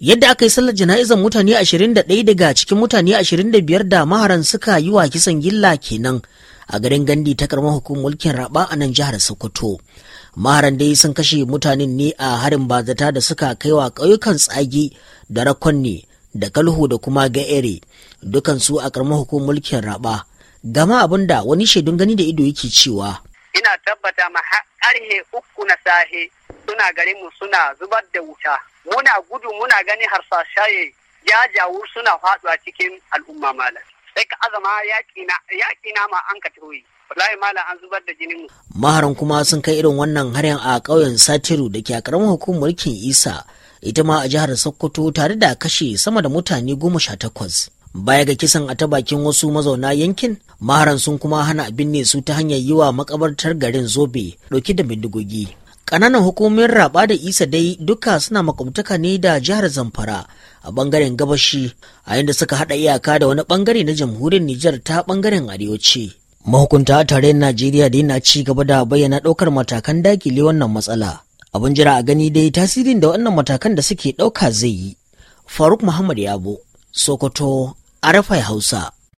Yadda aka yi sallar jana'izar mutane 21 daga cikin mutane 25 da maharan suka yi wa kisan gilla kenan a garin Gandi ta karamar hukumar mulkin Raba a nan jihar Sokoto. Maharan dai sun kashe mutanen ne a harin bazata da suka kai wa ƙauyukan tsagi da rakonni da kalhu da kuma ga'ere dukansu a karamar hukumar mulkin Raba. Gama abin da wani shaidun gani da ido yake cewa. Ina tabbata ma har uku na sahe suna garin mu suna zubar da wuta muna gudu muna ganin harsashaye jawo suna faduwa cikin al'umma malam sai ka azama yaƙi na ma an ka wallahi malam an zubar da jinin mu maharan kuma sun kai irin wannan harin a ƙauyen satiru da ke a hukumar mulkin isa ita ma a jihar sokoto tare da kashe sama da mutane goma sha takwas baya ga kisan a ta bakin wasu mazauna yankin maharan sun kuma hana abin ne su ta hanyar yi wa makabartar garin zobe ɗauki da bindigogi Ƙananan hukumomin raba da isa dai duka suna makwabtaka ne da jihar Zamfara a bangaren gabashi a yadda suka haɗa iyaka da wani bangare na jamhuriyar Nijar ta bangaren arewaci. Mahukunta a tarayyar Najeriya dai na ci gaba da bayyana ɗaukar matakan dakile wannan matsala. Abin jira a gani dai tasirin da wannan matakan da suke ɗauka zai yi. Faruk Muhammad Yabo, Sokoto, Arafai Hausa.